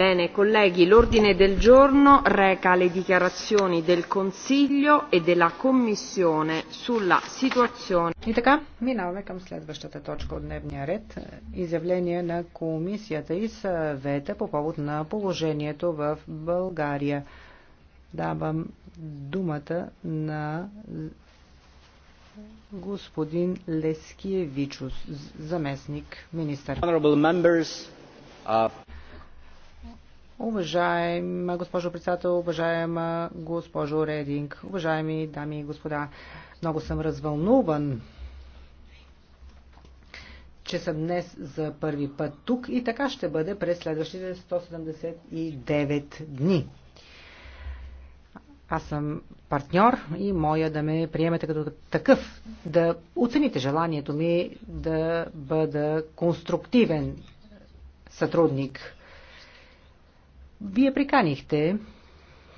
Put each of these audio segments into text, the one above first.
Bene, colleghi, l'ordine del giorno reca le dichiarazioni del Consiglio e della Commissione sulla situazione. И така, минаваме към следващата точка от дневния ред. Изявление на Комисията и съвета по повод на положението в България. Давам думата на господин Лескиевичус, заместник министър. Уважаема госпожо председател, уважаема госпожо Рединг, уважаеми дами и господа, много съм развълнуван, че съм днес за първи път тук и така ще бъде през следващите 179 дни. Аз съм партньор и моя да ме приемете като такъв, да оцените желанието ми да бъда конструктивен сътрудник вие приканихте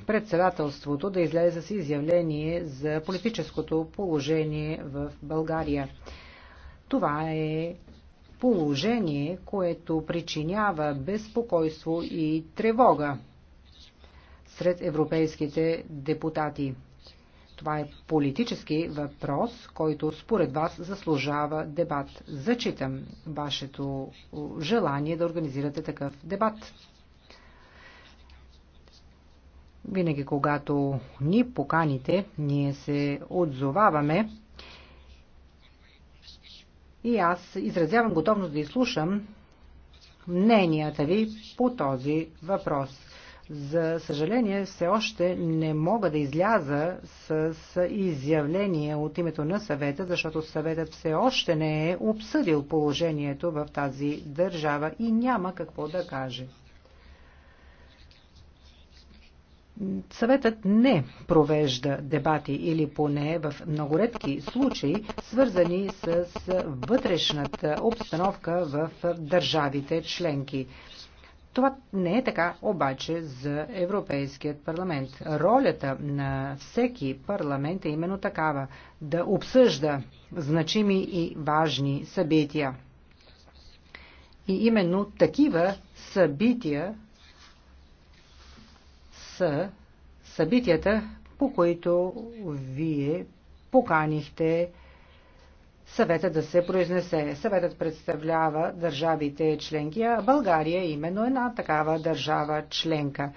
председателството да излезе с изявление за политическото положение в България. Това е положение, което причинява безпокойство и тревога сред европейските депутати. Това е политически въпрос, който според вас заслужава дебат. Зачитам вашето желание да организирате такъв дебат. Винаги, когато ни поканите, ние се отзоваваме и аз изразявам готовност да изслушам мненията ви по този въпрос. За съжаление, все още не мога да изляза с изявление от името на съвета, защото съветът все още не е обсъдил положението в тази държава и няма какво да каже. Съветът не провежда дебати или поне в много редки случаи, свързани с вътрешната обстановка в държавите членки. Това не е така обаче за Европейският парламент. Ролята на всеки парламент е именно такава да обсъжда значими и важни събития. И именно такива събития са събитията, по които вие поканихте съвета да се произнесе. Съветът представлява държавите членки, а България е именно една такава държава членка.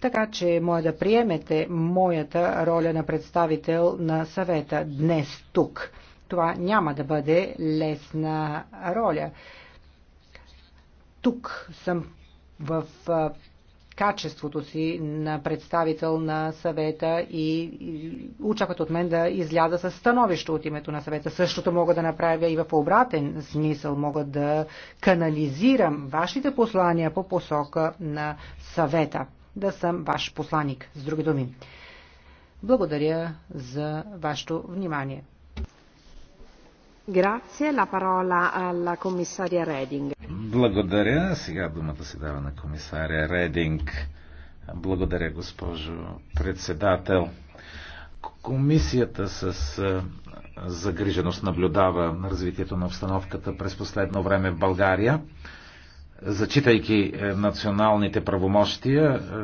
Така че моля да приемете моята роля на представител на съвета днес тук. Това няма да бъде лесна роля. Тук съм в качеството си на представител на съвета и очакват от мен да изляза с становище от името на съвета. Същото мога да направя и в обратен смисъл. Мога да канализирам вашите послания по посока на съвета. Да съм ваш посланик, с други думи. Благодаря за вашето внимание. Благодаря. Сега думата се дава на комисаря Рединг. Благодаря, госпожо председател. Комисията с загриженост наблюдава на развитието на обстановката през последно време в България. Зачитайки е, националните правомощия, е,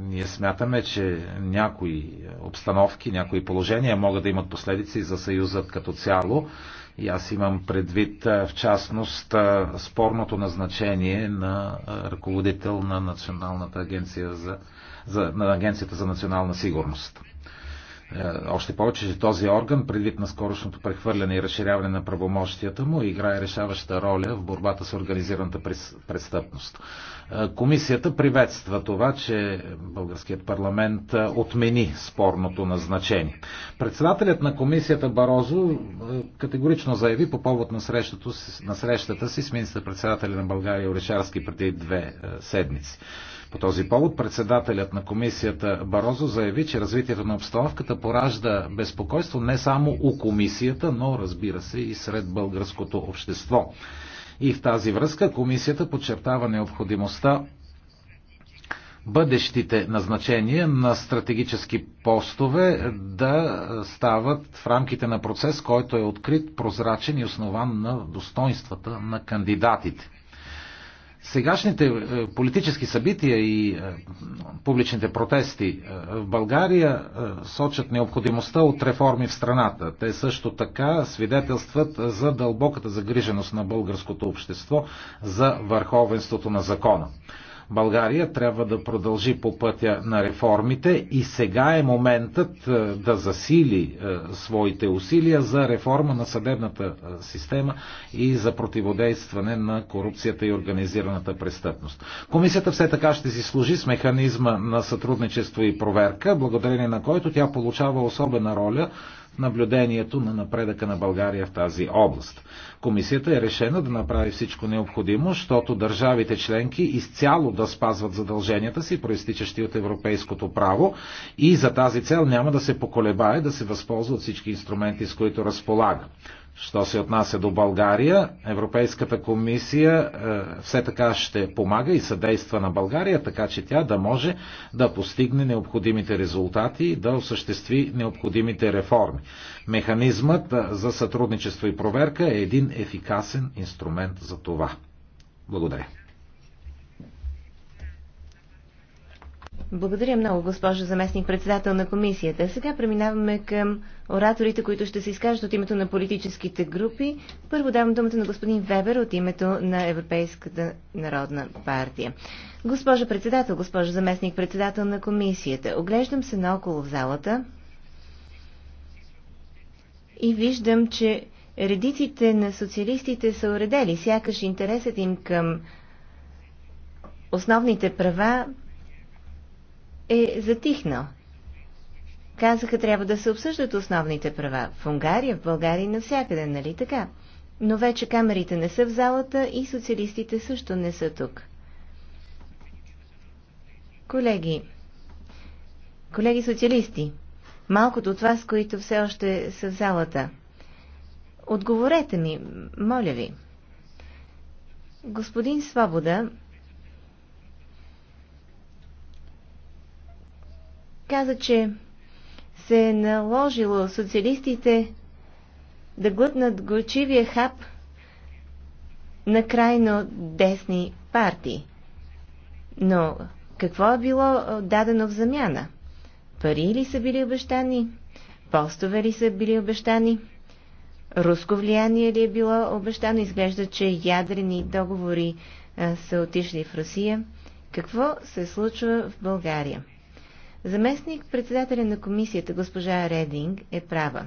ние смятаме, че някои обстановки, някои положения могат да имат последици за Съюзът като цяло и аз имам предвид в частност спорното назначение на ръководител на Националната агенция за, за, на Агенцията за национална сигурност. Е, още повече, че този орган, предвид на скорошното прехвърляне и разширяване на правомощията му, играе решаваща роля в борбата с организираната престъпност. Е, комисията приветства това, че Българският парламент е, отмени спорното назначение. Председателят на комисията Барозо категорично заяви по повод на, срещата си с министър-председателя на България Орешарски преди две седмици. По този повод председателят на комисията Барозо заяви, че развитието на обстановката поражда безпокойство не само у комисията, но разбира се и сред българското общество. И в тази връзка комисията подчертава необходимостта бъдещите назначения на стратегически постове да стават в рамките на процес, който е открит, прозрачен и основан на достоинствата на кандидатите сегашните е, политически събития и е, публичните протести е, в България сочат необходимостта от реформи в страната. Те също така свидетелстват за дълбоката загриженост на българското общество за върховенството на закона. България трябва да продължи по пътя на реформите и сега е моментът е, да засили е, своите усилия за реформа на съдебната е, система и за противодействане на корупцията и организираната престъпност. Комисията все така ще си служи с механизма на сътрудничество и проверка, благодарение на който тя получава особена роля наблюдението на напредъка на България в тази област. Комисията е решена да направи всичко необходимо, защото държавите членки изцяло да спазват задълженията си, проистичащи от европейското право и за тази цел няма да се поколебае да се възползва от всички инструменти, с които разполага. Що се отнася до България, Европейската комисия е, все така ще помага и съдейства на България, така че тя да може да постигне необходимите резултати и да осъществи необходимите реформи. Механизмът е, за сътрудничество и проверка е един ефикасен инструмент за това. Благодаря. Благодаря много, госпожо заместник председател на комисията. Сега преминаваме към ораторите, които ще се изкажат от името на политическите групи. Първо давам думата на господин Вебер от името на Европейската народна партия. Госпожо председател, госпожо заместник председател на комисията, оглеждам се наоколо в залата и виждам, че редиците на социалистите са уредели, сякаш интересът им към основните права е затихнал. Казаха, трябва да се обсъждат основните права. В Унгария, в България и навсякъде, нали така? Но вече камерите не са в залата и социалистите също не са тук. Колеги, колеги социалисти, малкото от вас, които все още са в залата, отговорете ми, моля ви. Господин Свобода каза, че се е наложило социалистите да глътнат горчивия хап на крайно десни партии. Но какво е било дадено в замяна? Пари ли са били обещани? Постове ли са били обещани? Руско влияние ли е било обещано? Изглежда, че ядрени договори а, са отишли в Русия. Какво се случва в България? Заместник председателя на комисията, госпожа Рединг, е права.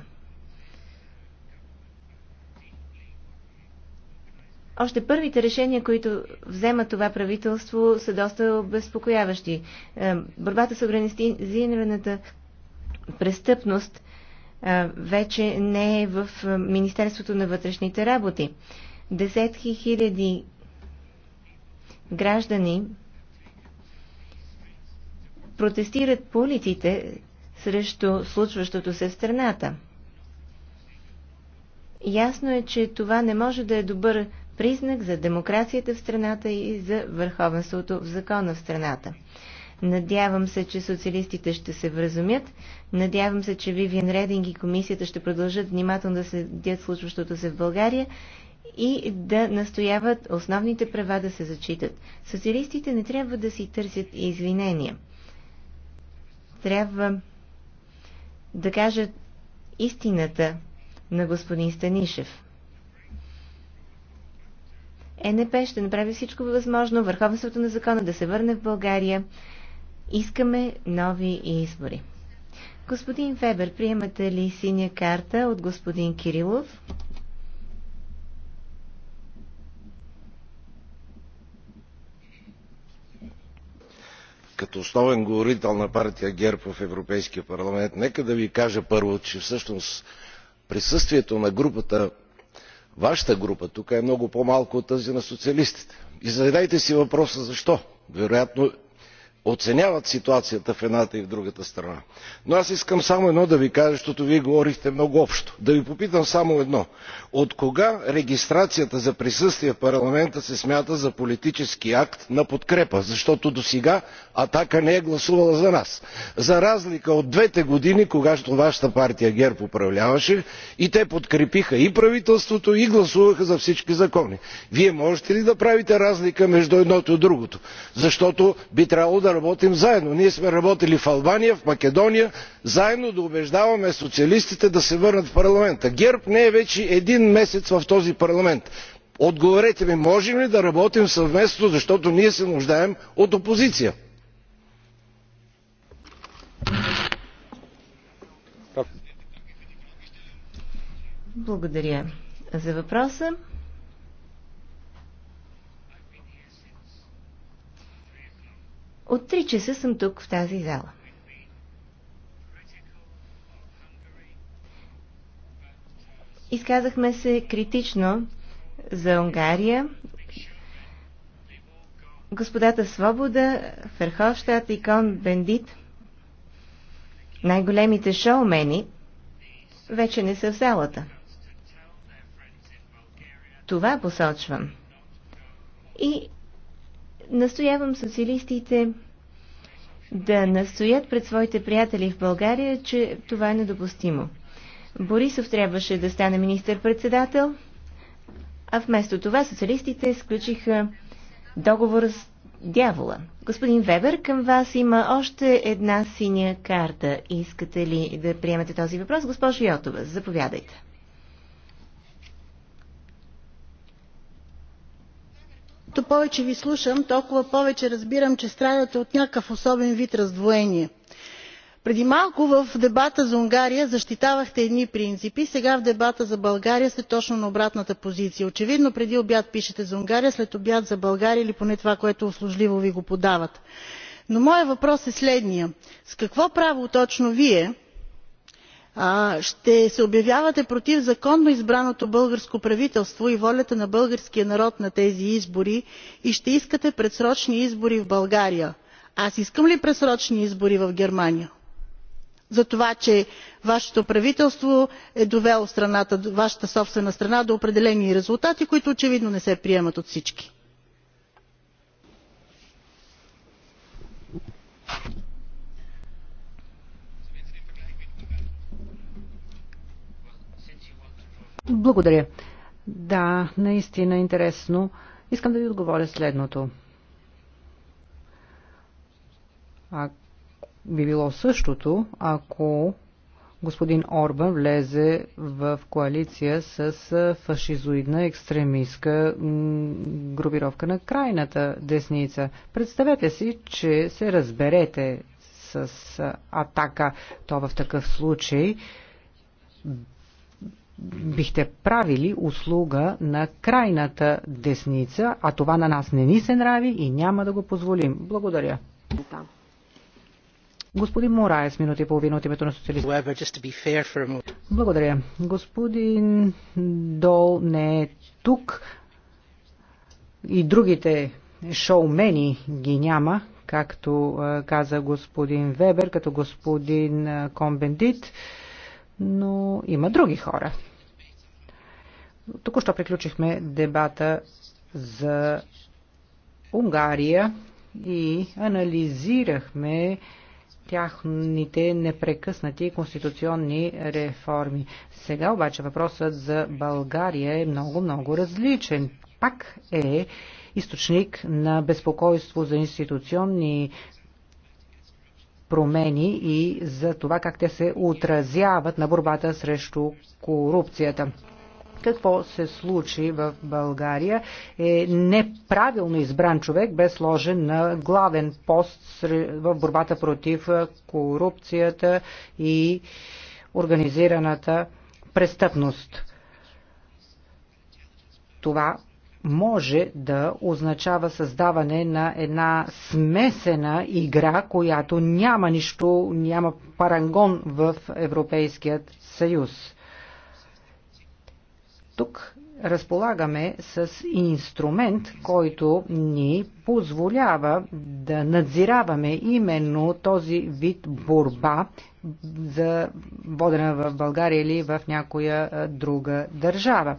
Още първите решения, които взема това правителство, са доста обезпокояващи. Е, борбата с организираната престъпност е, вече не е в Министерството на вътрешните работи. Десетки хиляди граждани протестират по улиците срещу случващото се в страната. Ясно е, че това не може да е добър признак за демокрацията в страната и за върховенството в закона в страната. Надявам се, че социалистите ще се вразумят. Надявам се, че Вивиан Рединг и комисията ще продължат внимателно да следят случващото се в България и да настояват основните права да се зачитат. Социалистите не трябва да си търсят извинения трябва да кажа истината на господин Станишев. ЕНП ще направи всичко възможно върховенството на закона да се върне в България. Искаме нови избори. Господин Фебер, приемате ли синя карта от господин Кирилов? като основен говорител на партия герб в европейския парламент нека да ви кажа първо че всъщност присъствието на вашата група тук е много по малко от тази на социалистите. и задайте си въпроса защо? вероятно оценяват ситуацията в едната и в другата страна. но аз искам само едно да ви кажа защото вие говорихте много общо да ви попитам само едно откога регистрацията за присъствие в парламента се смята за политически акт на подкрепа защото досега атака не е гласувала за нас за разлика от двете години когато вашата партия герб управляваше и те подкрепиха и правителството и гласуваха за всички закони. вие можете ли да правите разлика между едното и другото защото би трябвало да работим заедно. ние сме работили в албания в македония заедно да убеждаваме социалистите да се върнат в парламента. герб не е вече един месец в този парламент. отговорете ми можем ли да работим съвместно защото ние се нуждаем от опозиция? Благодаря за въпроса. От 3 часа съм тук в тази зала. Изказахме се критично за Унгария. Господата Свобода, Ферховщата, и Кон Бендит, най-големите шоумени, вече не са в залата. Това посочвам. И Настоявам социалистите да настоят пред своите приятели в България, че това е недопустимо. Борисов трябваше да стане министър-председател, а вместо това социалистите сключиха договор с дявола. Господин Вебер, към вас има още една синя карта. Искате ли да приемете този въпрос? Госпожо Йотова, заповядайте. колкото повече ви слушам толкова повече разбирам че страдате от някакъв особен вид раздвоение. преди малко в дебата за унгария защитавахте едни принципи сега в дебата за България сте точно на обратната позиция. очевидно преди обяд пишете за унгария след обяд за българия или поне това което услужливо ви го подават. но моят въпрос е следния: с какво право точно вие ще се обявявате против законно избраното българско правителство и волята на българския народ на тези избори и ще искате предсрочни избори в България. Аз искам ли предсрочни избори в Германия? За това, че вашето правителство е довело страната, вашата собствена страна до определени резултати, които очевидно не се приемат от всички. Благодаря. Да, наистина интересно. Искам да ви отговоря следното. А би било същото, ако господин Орбан влезе в коалиция с фашизоидна екстремистка групировка на крайната десница. Представете си, че се разберете с атака. То в такъв случай бихте правили услуга на крайната десница, а това на нас не ни се нрави и няма да го позволим. Благодаря. Господин Мораес, минути и половина от името на социалистите. Благодаря. Господин Дол не е тук и другите шоумени ги няма, както каза господин Вебер, като господин Комбендит, но има други хора. Току-що приключихме дебата за Унгария и анализирахме тяхните непрекъснати конституционни реформи. Сега обаче въпросът за България е много-много различен. Пак е източник на безпокойство за институционни промени и за това как те се отразяват на борбата срещу корупцията какво се случи в България е неправилно избран човек без сложен на главен пост в борбата против корупцията и организираната престъпност. Това може да означава създаване на една смесена игра, която няма нищо, няма парангон в Европейският съюз. Тук разполагаме с инструмент, който ни позволява да надзираваме именно този вид борба за водена в България или в някоя друга държава.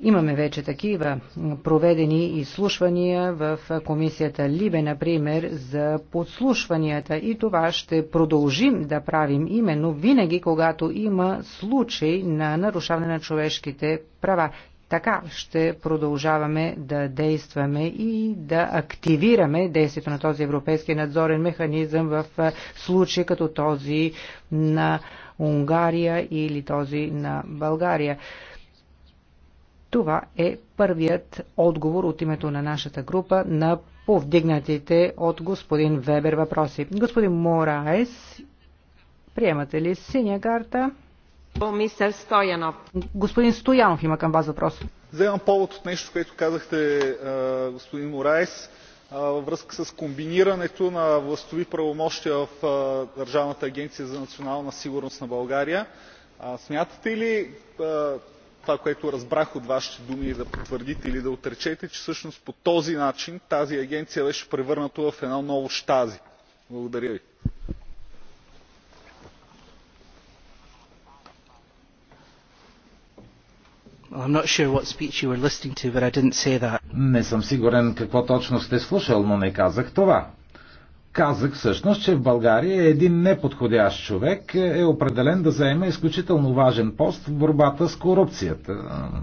Имаме вече такива проведени изслушвания в комисията Либе, например, за подслушванията и това ще продължим да правим именно винаги, когато има случай на нарушаване на човешките права. Така ще продължаваме да действаме и да активираме действието на този европейски надзорен механизъм в случаи като този на Унгария или този на България. Това е първият отговор от името на нашата група на повдигнатите от господин Вебер въпроси. Господин Мораес, приемате ли синя карта? Мистер Стоянов. Господин Стоянов има към вас въпрос. Вземам повод от нещо, което казахте, господин Мораес, във връзка с комбинирането на властови правомощия в Държавната агенция за национална сигурност на България. Смятате ли това, което разбрах от вашите думи, е да потвърдите или да отречете, че всъщност по този начин тази агенция беше превърната в едно ново щази. Благодаря ви. Не съм сигурен какво точно сте слушал, но не казах това казах всъщност, че в България един неподходящ човек е определен да заеме изключително важен пост в борбата с корупцията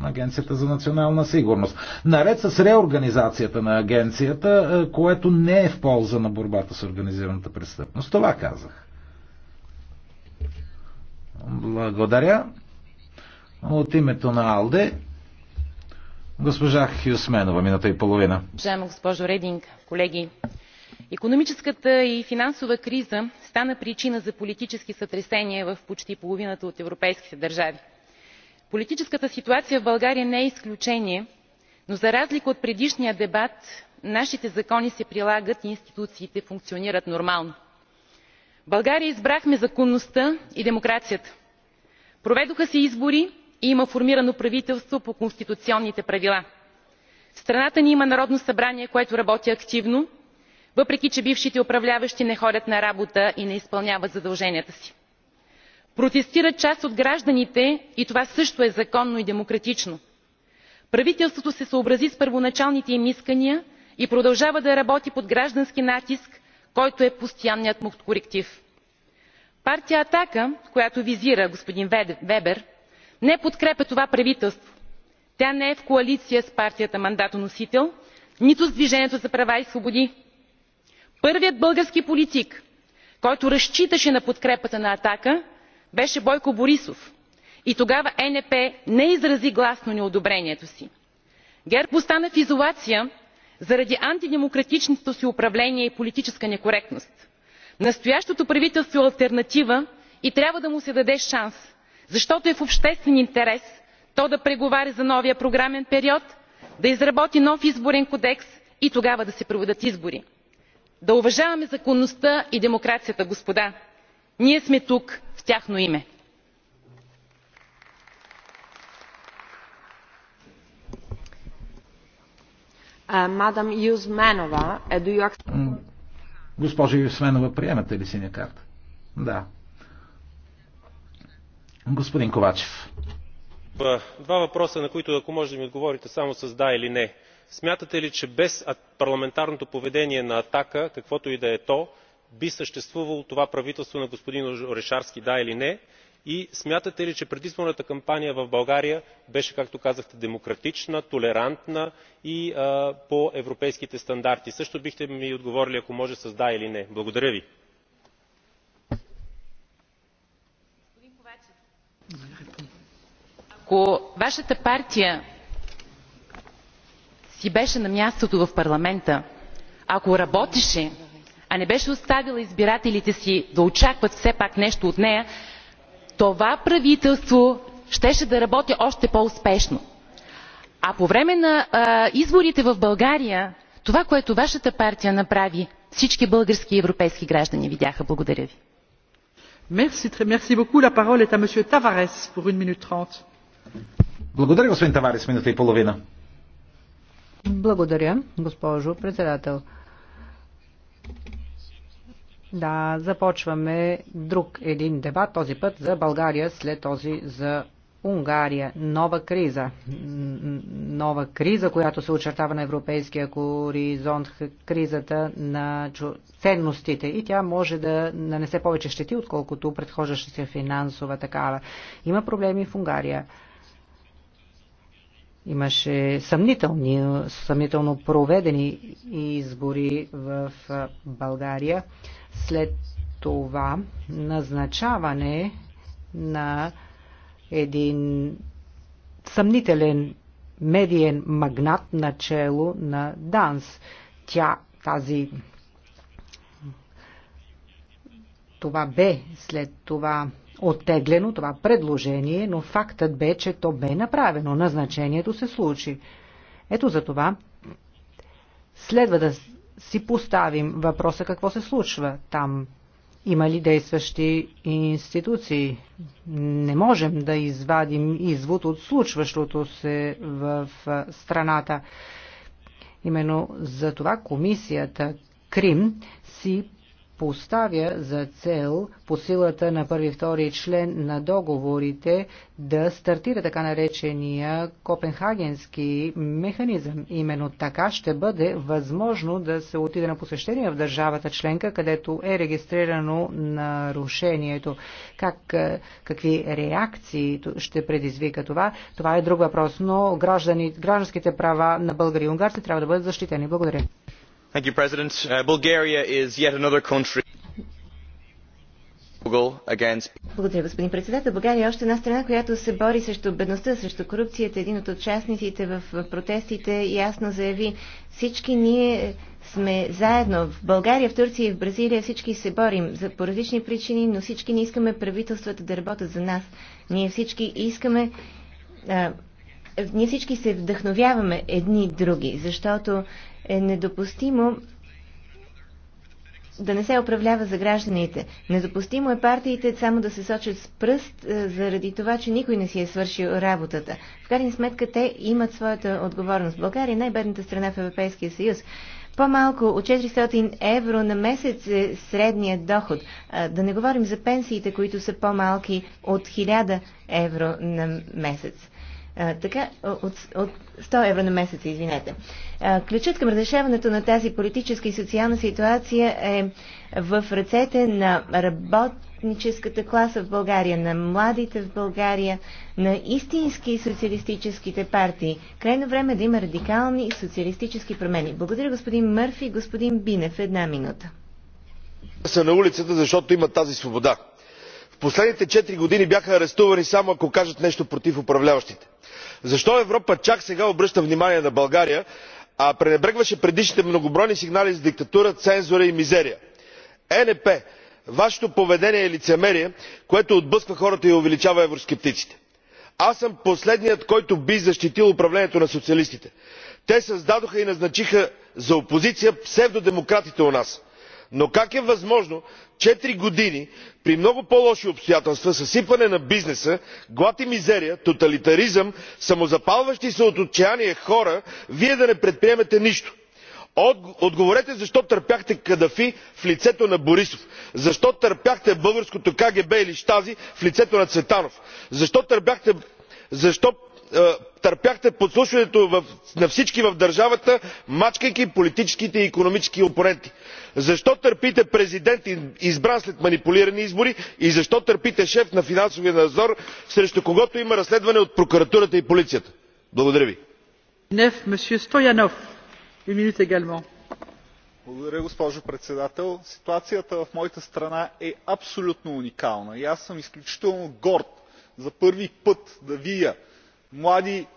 на Агенцията за национална сигурност. Наред с реорганизацията на агенцията, е, което не е в полза на борбата с организираната престъпност. Това казах. Благодаря. От името на Алде, госпожа Хюсменова, минута и половина. Уважаема госпожо Рединг, колеги, икономическата и финансова криза стана причина за политически сътресения в почти половината от европейските държави. политическата ситуация в българя не е изключение но за разлика от предишния дебат нашите закони се прилагат и институциите функционират нормално. в българя избрахме законността и демокрацията. проведоха се избори и има формирано правителство по конституционните правила. в страната ни има народно събрание което работи активно въпреки че бившите управляващи не ходят на работа и не изпълняват задълженията си. протестират част от гражданите и това също е законно и демократично. правителството се съобрази с първоначалните им искания и продължава да работи под граждански натиск който е постоянният му коректив. партия атака която визира господин вебер не подкрепя това правителство. тя не е в коалиция с партията мандатоносител нито с движението за права и свободи първият български политик който разчиташе на подкрепата на атака беше бойко борисов и тогава енп не изрази гласно неодобрението си. герб остана в изолация заради антидемократичното си управление и политическа некоректност. настоящото правителство е алтернатива и трябва да му се даде шанс защото е в обществен интерес то да преговаря за новия програмен период да изработи нов изборен кодекс и тогава да се проведат избори да уважаваме законността и демокрацията господа! ние сме тук в тяхно име. Е госпожо Юсменова, приемате ли синя карта? Да. Господин Ковачев. Два въпроса, на които ако може да ми отговорите само с да или не смятате ли че без парламентарното поведение на атака каквото и да е то би съществувало това правителство на господин орешарски да или не и смятате ли че предизборната кампания в българя беше както казахте демократична толерантна и по европейските стандарти? също бихте ми отговорили ако може с да или не. благодаря ви. ако вашата партия си беше на мястото в парламента, ако работеше, а не беше оставила избирателите си да очакват все пак нещо от нея, това правителство щеше да работи още по-успешно. А по време на а, изборите в България, това, което вашата партия направи, всички български и европейски граждани видяха. Благодаря ви. Благодаря, господин Таварес, минута и половина. Благодаря, госпожо председател. Да, започваме друг един дебат, този път за България, след този за Унгария. Нова криза. Нова криза, която се очертава на европейския хоризонт, кризата на ценностите. И тя може да нанесе повече щети, отколкото предхождаща се финансова такава. Има проблеми в Унгария. Имаше съмнителни, съмнително проведени избори в България. След това назначаване на един съмнителен медиен магнат начело на Данс. Тя, тази това бе след това оттеглено това предложение, но фактът бе, че то бе направено. Назначението се случи. Ето за това следва да си поставим въпроса какво се случва там. Има ли действащи институции? Не можем да извадим извод от случващото се в страната. Именно за това комисията Крим си поставя за цел по силата на първи и втори член на договорите да стартира така наречения копенхагенски механизъм. Именно така ще бъде възможно да се отиде на посещение в държавата членка, където е регистрирано нарушението. Как, е, какви реакции ще предизвика това? Това е друг въпрос, но граждани, гражданските права на българи и унгарци трябва да бъдат защитени. Благодаря mr president uh, bulgaria is yet another country България е която се бори срещу бедността, срещу корупцията. Един от участниците в протестите ясно заяви, всички ние сме заедно. В България, в Турция и в Бразилия всички се борим за по различни причини, но всички не искаме правителствата да работят за нас. Ние всички искаме. А, ние всички се вдъхновяваме едни други, защото е недопустимо да не се управлява за гражданите. Недопустимо е партиите само да се сочат с пръст е, заради това, че никой не си е свършил работата. В крайна сметка те имат своята отговорност. България е най-бедната страна в Европейския съюз. По-малко от 400 евро на месец е средният доход. Е, да не говорим за пенсиите, които са по-малки от 1000 евро на месец. А, така, от, от 100 евро на месец, извинете. А, ключът към разрешаването на тази политическа и социална ситуация е в ръцете на работническата класа в България, на младите в България, на истински социалистическите партии. Крайно време е да има радикални социалистически промени. Благодаря господин Мърфи и господин Бинев. Една минута. Са на улицата, защото има тази свобода. В последните 4 години бяха арестувани само ако кажат нещо против управляващите защо европа чак сега обръща внимание на българя а пренебрегваше предишните многобройни сигнали за диктатура цензура и мизерия? енепе вашето поведение е лицемерие което отблъсква хората и увеличава евроскептиците. аз съм последният който би защитил управлението на социалистите. те създадоха и назначиха за опозиция псевдодемократите у нас но как е възможно четири години при много по лоши обстоятелства съсипване на бизнеса глад и мизерия тоталитаризъм самозапалващи се от отчаяние хора вие да не предприемете нищо? отговорете защо търпяхте кадафи в лицето на борисов? защо търпяхте българското кгб или щази в лицето на цветанов? защо е, търпяхте подслушването на всички в държавата мачкайки политическите и икономически опоненти? защо търпите президент избран след манипулирани избори и защо търпите шеф на финансовия надзор срещу когото има разследване от прокуратурата и полицията? благодаря ви. Благодаря, госпожо председател. Ситуацията в моята страна е абсолютно уникална и аз съм изключително горд за първи път да видя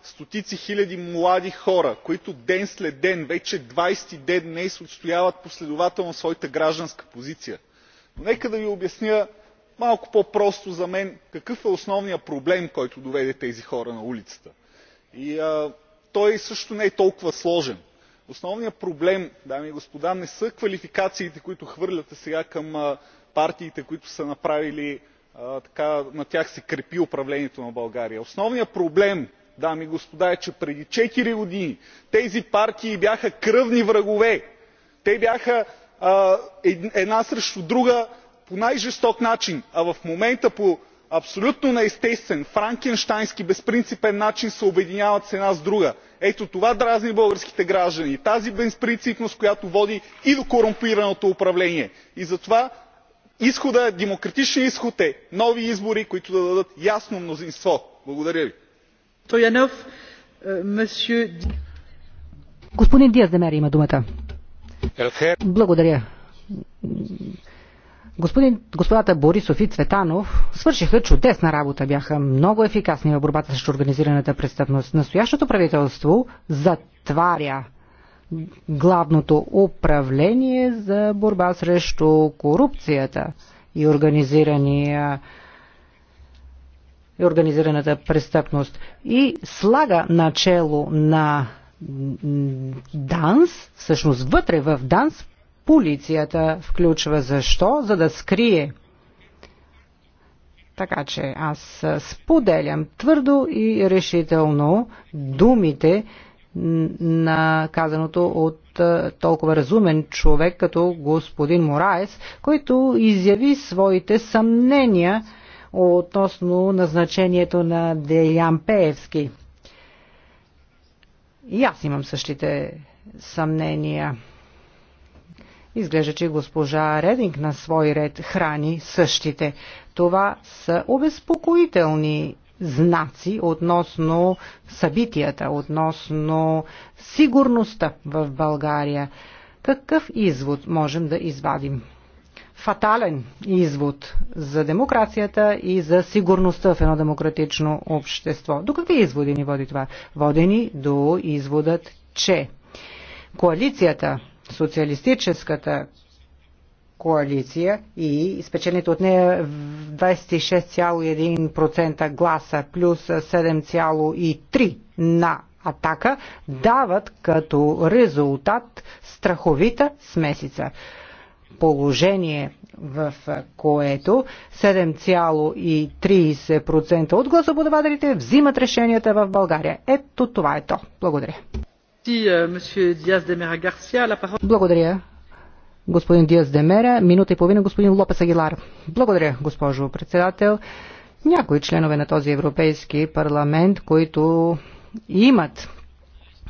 стотици хиляди млади хора които ден след ден вече двадесети ден днес отстояват последователно своята гражданска позиция. но нека да ви обясня малко по просто за мен какъв е основният проблем който доведе тези хора на улицата. той също не е толкова сложен. основният проблем дами и господа не са квалификациите които хвърляте сега към партиите които са направили на тях се крепи управлението на България. Основният проблем, дами и господа, е, че преди четири години тези партии бяха кръвни врагове. Те бяха една срещу друга по най-жесток начин, а в момента по абсолютно неестествен, франкенщайнски, безпринципен начин се обединяват една с друга. Ето това дразни българските граждани – тази безпринципност, която води и до корумпираното управление. И затова изходът е демократичният изход е нови избори които да дадат ясно мнозинство. благодаря ви. Е, господин има думата. господата Борисов и Цветанов свършиха чудесна работа, бяха много ефикасни в борбата срещу организираната престъпност. Настоящото правителство затваря главното управление за борба срещу корупцията и организирания и организираната престъпност и слага начало на ДАНС, всъщност вътре в ДАНС, полицията включва защо? За да скрие. Така че аз споделям твърдо и решително думите на казаното от е, толкова разумен човек като господин Мораес, който изяви своите съмнения относно назначението на Деян Пеевски. И аз имам същите съмнения. Изглежда, че госпожа Рединг на свой ред храни същите. Това са обезпокоителни знаци относно събитията, относно сигурността в България. Какъв извод можем да извадим? Фатален извод за демокрацията и за сигурността в едно демократично общество. До какви изводи ни води това? Водени до изводът, че коалицията, социалистическата коалиция и спечелените от нея 26,1% гласа плюс 7,3% на атака дават като резултат страховита смесица. Положение в което 7,30% от гласоподавателите взимат решенията в България. Ето това е то. Благодаря. Е, Благодаря, господин Диас Демера, минута и половина господин Лопес Агилар. Благодаря, госпожо председател. Някои членове на този Европейски парламент, които имат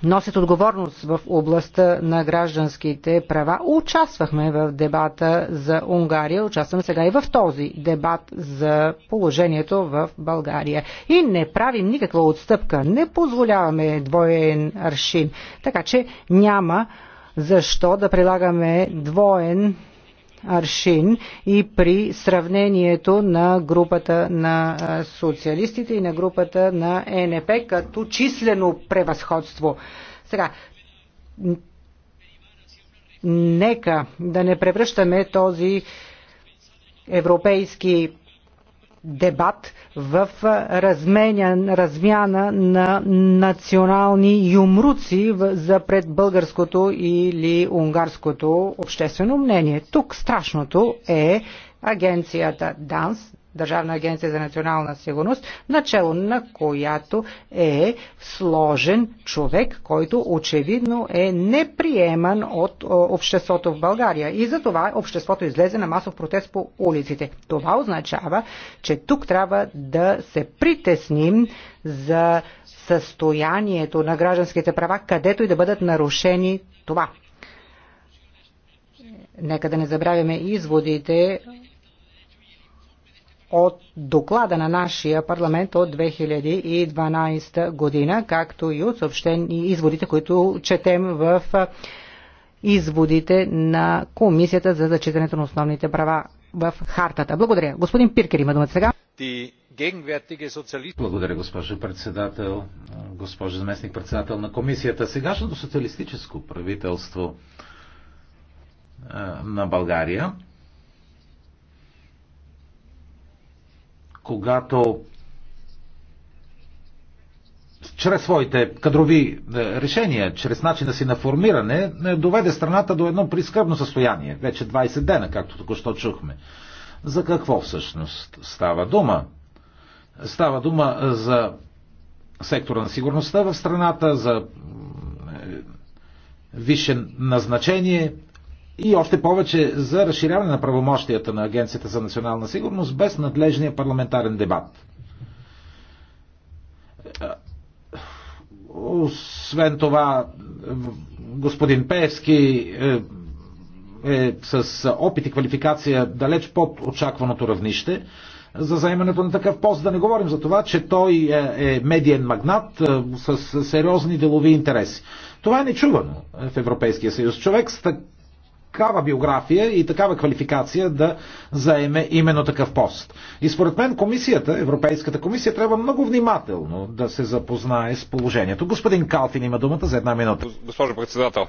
носят отговорност в областта на гражданските права. Участвахме в дебата за Унгария, участваме сега и в този дебат за положението в България. И не правим никаква отстъпка, не позволяваме двоен аршин, така че няма защо да прилагаме двоен аршин и при сравнението на групата на социалистите и на групата на ЕНП като числено превъзходство. Сега, нека да не превръщаме този европейски дебат в разменя, размяна на национални юмруци за пред българското или унгарското обществено мнение. Тук страшното е агенцията ДАНС Държавна агенция за национална сигурност, начало на която е сложен човек, който очевидно е неприеман от обществото в България. И за това обществото излезе на масов протест по улиците. Това означава, че тук трябва да се притесним за състоянието на гражданските права, където и да бъдат нарушени това. Нека да не забравяме изводите от доклада на нашия парламент от 2012 година, както и от съобщен, и изводите, които четем в изводите на Комисията за зачитането на основните права в хартата. Благодаря. Господин Пиркер има думата сега. Благодаря, госпожо председател, госпожо заместник председател на комисията. Сегашното социалистическо правителство на България когато чрез своите кадрови е, решения, чрез начина си на формиране, е, доведе страната до едно прискърбно състояние. Вече 20 дена, както току-що чухме. За какво всъщност става дума? Става дума е, за сектора на сигурността в страната, за висше назначение, и още повече за разширяване на правомощията на Агенцията за национална сигурност без надлежния парламентарен дебат. Освен това, господин Пеевски е, е с опит и квалификация далеч под очакваното равнище за заемането на такъв пост. Да не говорим за това, че той е, е медиен магнат е, с сериозни делови интереси. Това е нечувано в Европейския съюз. Човек с такава биография и такава квалификация да заеме именно такъв пост. И според мен комисията, Европейската комисия, трябва много внимателно да се запознае с положението. Господин Калфин има думата за една минута. Госпожо председател,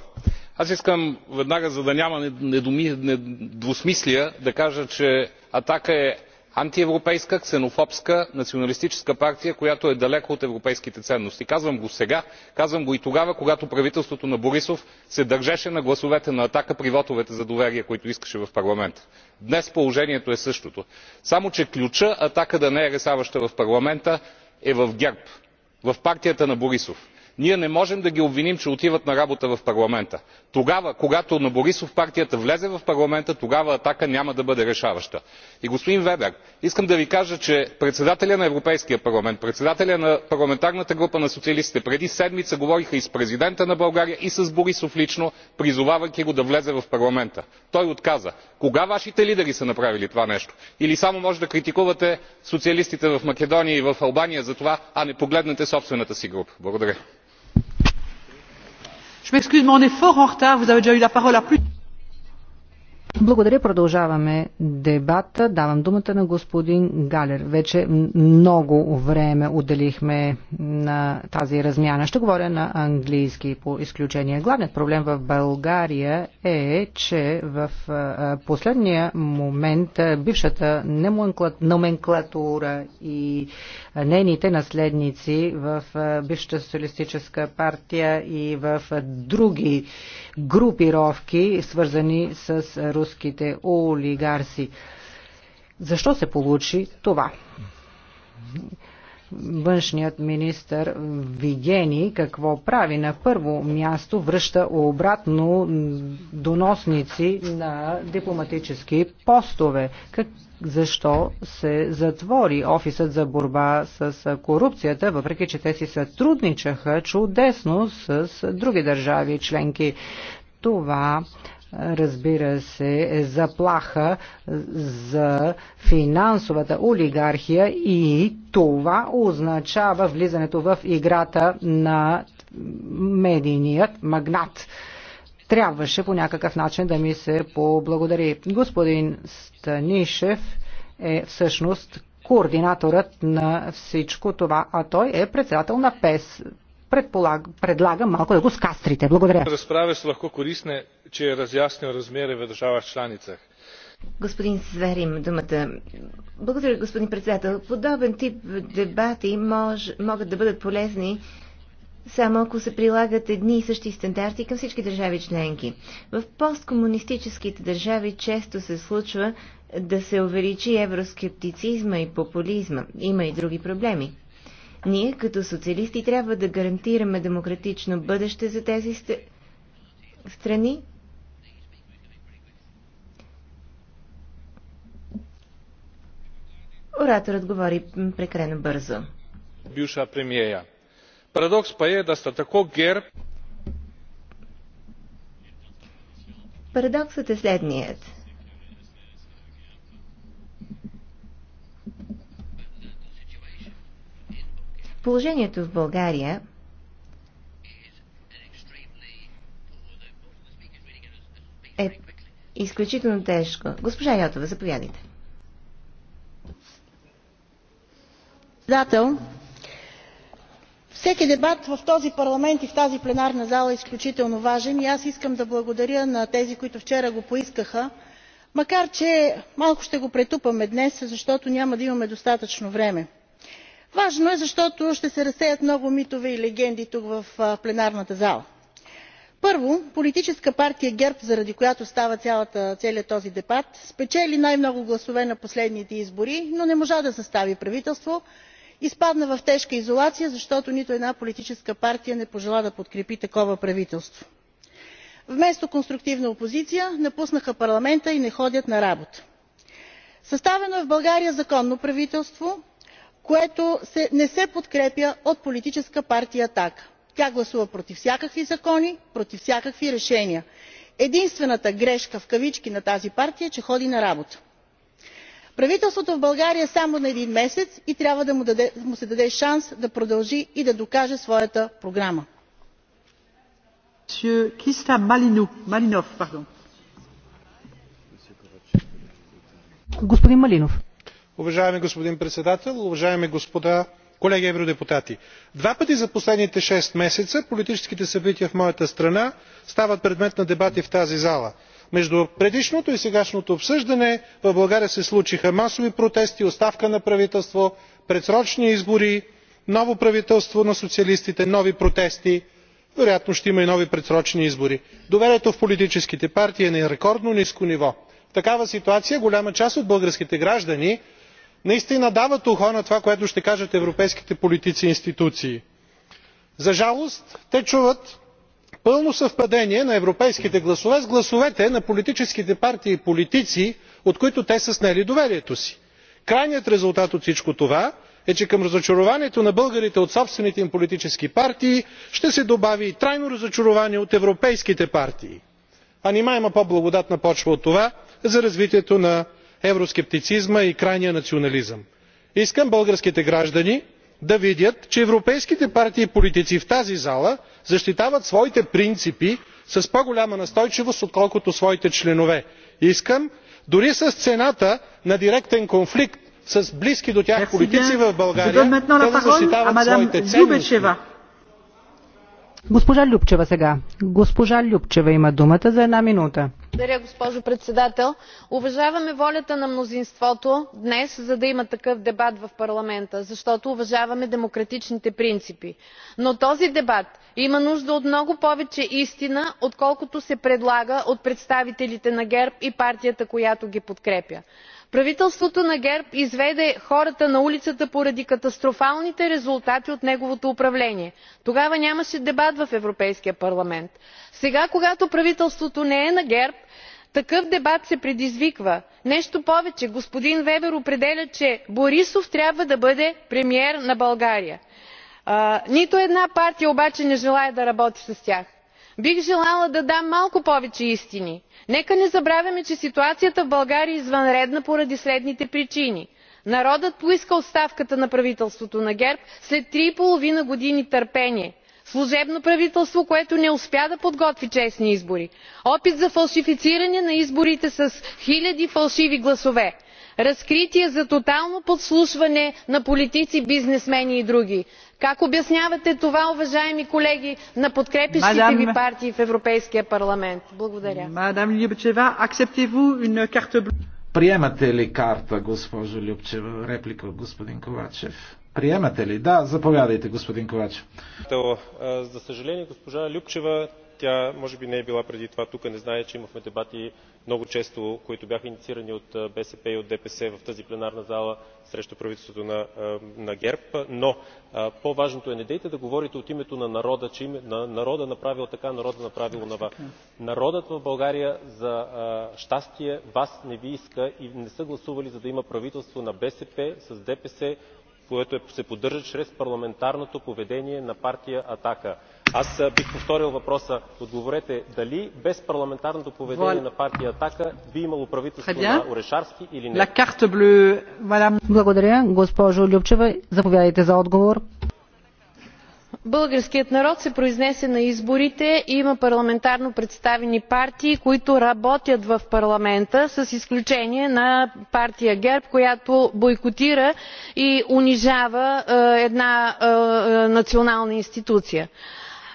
аз искам веднага, за да няма недвусмислия, да кажа, че Атака е антиевропейска ксенофобска националистическа партия която е далеч от европейските ценности. казвам го сега казвам го и тогава когато правителството на борисов се държеше на гласовете на атака при вотовете за доверие които искаше в парламента. днес положението е същото само че ключът атака да не е решаваща в парламента е в герб в партията на борисов ние не можем да ги обвиним че отиват на работа в парламента. тогава когато на борисов партията влезе в парламента тогава атака няма да бъде решаваща. и господин вебер искам да ви кажа че председателят на европейския парламент председателят на парламентарната група на социалистите преди седмица говориха и с президента на българия и с борисов лично призовавайки го да влезе в парламента. той отказа. кога вашите лидери са направили това нещо? или само може да критикувате социалистите в македония и в албания за това а не погледнете собствената си група? благодаря je m'excuse mais on est fort en retard vous avez déjà eu la parole à plusieurs. reprises. Благодаря. Продължаваме дебата. Давам думата на господин Галер. Вече много време отделихме на тази размяна. Ще говоря на английски по изключение. Главният проблем в България е, че в последния момент бившата номенклатура и нейните наследници в бившата социалистическа партия и в други групировки, свързани с руските олигарси. Защо се получи това? външният министр Вигени какво прави. На първо място връща обратно доносници на дипломатически постове. Как, защо се затвори офисът за борба с корупцията, въпреки че те си сътрудничаха чудесно с други държави членки. Това разбира се, е заплаха за финансовата олигархия и това означава влизането в играта на медийният магнат. Трябваше по някакъв начин да ми се поблагодари. Господин Станишев е всъщност координаторът на всичко това, а той е председател на ПЕС предполаг, предлагам малко да го скастрите. Благодаря. Разправе са лако корисне, че е разяснил размере в държавах членицах. Господин Сверим, думата. Благодаря, господин председател. Подобен тип дебати мож, могат да бъдат полезни само ако се прилагат едни и същи стандарти към всички държави членки. В посткомунистическите държави често се случва да се увеличи евроскептицизма и популизма. Има и други проблеми. Ние, като социалисти, трябва да гарантираме демократично бъдеще за тези ст... страни. Ораторът говори прекрено бързо. Бивша премиера. Парадокс па е да сте тако герб. Парадоксът е следният – Положението в България е изключително тежко. Госпожа Йотова, заповядайте. Председател, всеки дебат в този парламент и в тази пленарна зала е изключително важен и аз искам да благодаря на тези, които вчера го поискаха, макар че малко ще го претупаме днес, защото няма да имаме достатъчно време важно е защото ще се разсеят много митове и легенди тук в пленарната зала. първо политическа партия герб заради която става целият този дебат спечели най много гласове на последните избори но не можа да състави правителство изпадна в тежка изолация защото нито една политическа партия не пожела да подкрепи такова правителство. вместо конструктивна опозиция напуснаха парламента и не ходят на работа. съставено е в българия законно правителство което не се подкрепя от политическа партия „Атака”. Тя гласува против всякакви закони, против всякакви решения. Единствената „грешка” в кавички на тази партия е, че ходи на работа. Правителството в България е само на един месец и трябва да му се даде шанс да продължи и да докаже своята програма. Господин Малинов уважаеми господин председател уважаеми колеги евродепутати! два пъти за последните шест месеца политическите събития в моята страна стават предмет на дебати в тази зала. между предишното и сегашното обсъждане в българия се случиха масови протести оставка на правителство предсрочни избори ново правителство на социалистите нови протести вероятно ще има и нови предсрочни избори. доверието в политическите партии е на рекордно ниско ниво. в такава ситуация голяма част от българските граждани наистина дават ухо на това което ще кажат европейските политици и институции. за жалост те чуват пълно съвпадение на европейските гласове с гласовете на политическите партии и политици от които те са снели доверието си. крайният резултат от всичко това е че към разочарованието на българите от собствените им политически партии ще се добави и трайно разочарование от европейските партии. а нима има по благодатна почва от това за развитието на евроскептицизма и крайния национализъм. искам българските граждани да видят че европейските партии и политици в тази зала защитават своите принципи с по голяма настойчивост отколкото своите членове. искам дори с цената на директен конфликт с близки до тях политици в българя те да защитават своите ценности Госпожа Любчева сега. Госпожа Любчева има думата за една минута. Благодаря, госпожо председател. Уважаваме волята на мнозинството днес, за да има такъв дебат в парламента, защото уважаваме демократичните принципи. Но този дебат има нужда от много повече истина, отколкото се предлага от представителите на ГЕРБ и партията, която ги подкрепя правителството на герб изведе хората на улицата поради катастрофалните резултати от неговото управление. тогава нямаше дебат в европейския парламент. сега когато правителството не е на герб такъв дебат се предизвиква. нещо повече господин вебер определя че борисов трябва да бъде премиер на българия. нито една партия обаче не желае да работи с тях бих желала да дам малко повече истини. нека не забравяме че ситуацията в българия е извънредна поради следните причини народът поиска оставката на правителството на герб след три и половина години търпение служебно правителство което не успя да подготви честни избори опит за фалшифициране на изборите с хиляди фалшиви гласове разкритие за тотално подслушване на политици бизнесмени и други как обяснявате това уважаеми колеги на подкрепящите ви партии в европейския парламент? Благодаря. Приемате ли карта, госпожо Любчева? Реплика от господин Ковачев. Приемате ли? Да, заповядайте, господин Ковачев. За съжаление, госпожа Любчева тя може би не е била преди това тук не зная че имахме дебати много често които бяха инициирани от бсп и от ДПС в тази пленарна зала срещу правителството на герб но по важното е недейте да говорите от името на народа че народът направил така народът направил онова. народът в българия за щастие вас не ви иска и не са гласували за да има правителство на бсп с ДПС което е, се поддържа чрез парламентарното поведение на партия атака аз бих повторил въпроса отговорете дали без парламентарното поведение на партия атака би имало правителство на орешарски или не? Благодаря. Госпожо Любчева, заповядайте за отговор. Българският народ се произнесе на изборите. и Има парламентарно представени партии, които работят в парламента, с изключение на партия ГЕРБ, която бойкотира и унижава една национална институция.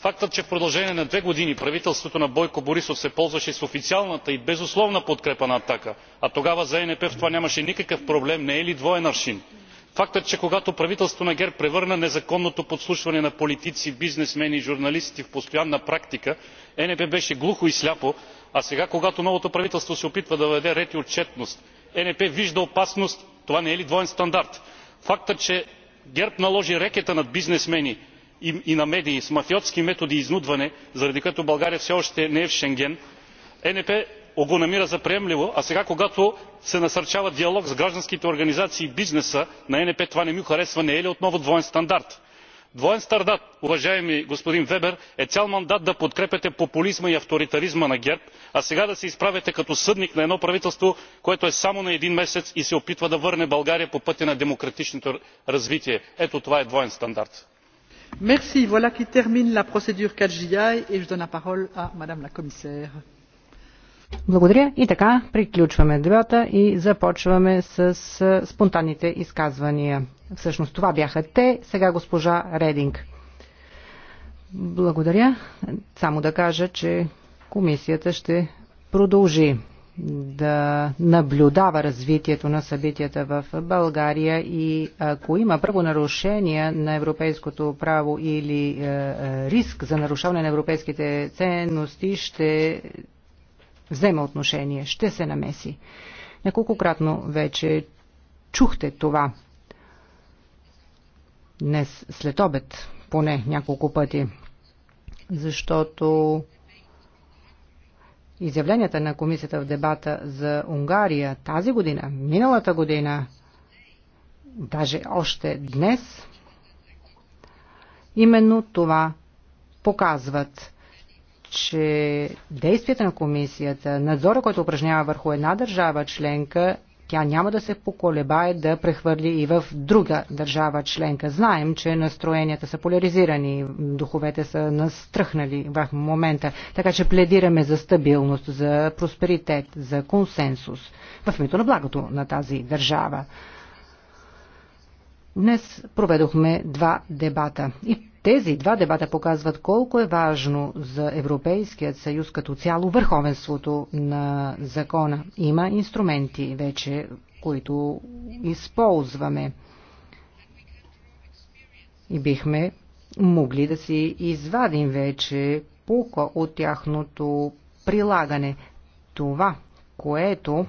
фактът че в продължение на две години правителството на бойко борисов се ползваше с официалната и безусловна подкрепа на „атака” а тогава за енп в това нямаше никакъв проблем не е ли двоен аршин? фактът че когато правителството на герб превърна незаконното подслушване на политици бизнесмени и журналисти в постоянна практика енп беше глухо и сляпо а сега когато новото правителство се опитва да въведе ред и отчетност енп вижда опасност това не е ли двоен стандарт? фактът че герб наложи рекета над бизнесмени и на медии с мафиотски методи и изнудване заради което българя все още не е в шенген енп го намира за приемливо а сега когато се насърчава диалог с гражданските организации и бизнеса на енп това не му харесва. не е ли отново двоен стандарт? двоен стандарт уважаеми господин вебер е цял мандат да подкрепяте популизма и авторитаризма на герб а сега да се изправяте като съдник на едно правителство което е само на един месец и се опитва да върне българя по пътя на демократичното развитие. ето това е двоен стандарт! Voilà qui termine la procédure catch et je donne la parole à la commissaire. Благодаря. И така приключваме дебата и започваме с спонтанните изказвания. Всъщност това бяха те. Сега госпожа Рединг. Благодаря. Само да кажа, че комисията ще продължи да наблюдава развитието на събитията в България и ако има нарушение на европейското право или е, е, риск за нарушаване на европейските ценности, ще взема отношение, ще се намеси. Неколкократно вече чухте това днес след обед, поне няколко пъти, защото изявленията на комисията в дебата за Унгария тази година, миналата година, даже още днес, именно това показват че действията на комисията, надзора, който упражнява върху една държава членка, тя няма да се поколебае да прехвърли и в друга държава членка. Знаем, че настроенията са поляризирани, духовете са настръхнали в момента, така че пледираме за стабилност, за просперитет, за консенсус в името на благото на тази държава. Днес проведохме два дебата и тези два дебата показват колко е важно за Европейският съюз като цяло върховенството на закона. Има инструменти вече, които използваме и бихме могли да си извадим вече пука от тяхното прилагане. Това, което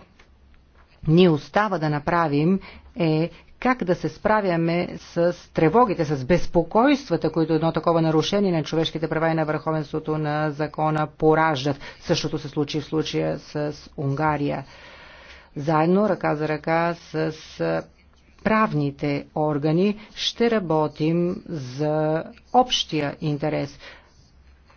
ни остава да направим е как да се справяме с тревогите, с безпокойствата, които едно такова нарушение на човешките права и на върховенството на закона пораждат. Същото се случи в случая с Унгария. Заедно, ръка за ръка, с правните органи ще работим за общия интерес.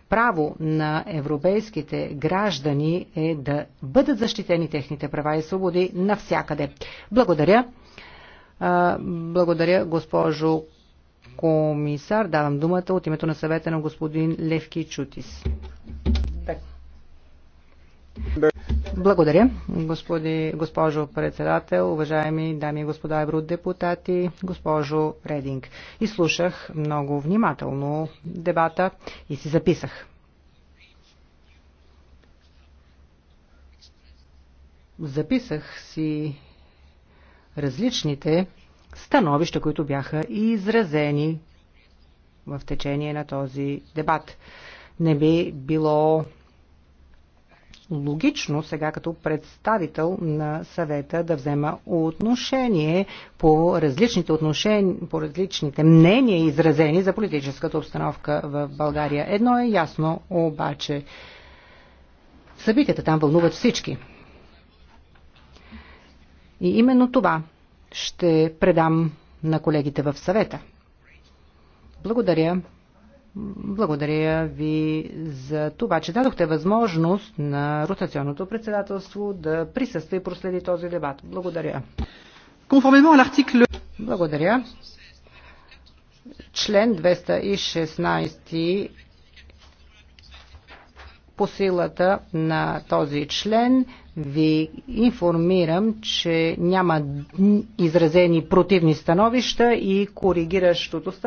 Право на европейските граждани е да бъдат защитени техните права и свободи навсякъде. Благодаря. Благодаря, госпожо комисар. Давам думата от името на съвета на господин Левки Чутис. Благодаря, господи, госпожо председател, уважаеми дами и господа евродепутати, госпожо Рединг. Изслушах много внимателно дебата и си записах. Записах си различните становища, които бяха изразени в течение на този дебат. Не би било логично сега като представител на съвета да взема отношение по различните, отношения, по различните мнения изразени за политическата обстановка в България. Едно е ясно обаче. Събитията там вълнуват всички. И именно това ще предам на колегите в съвета. Благодаря. Благодаря ви за това, че дадохте възможност на ротационното председателство да присъства и проследи този дебат. Благодаря. Благодаря. Член 216 по силата на този член ви информирам, че няма изразени противни становища и коригиращото становище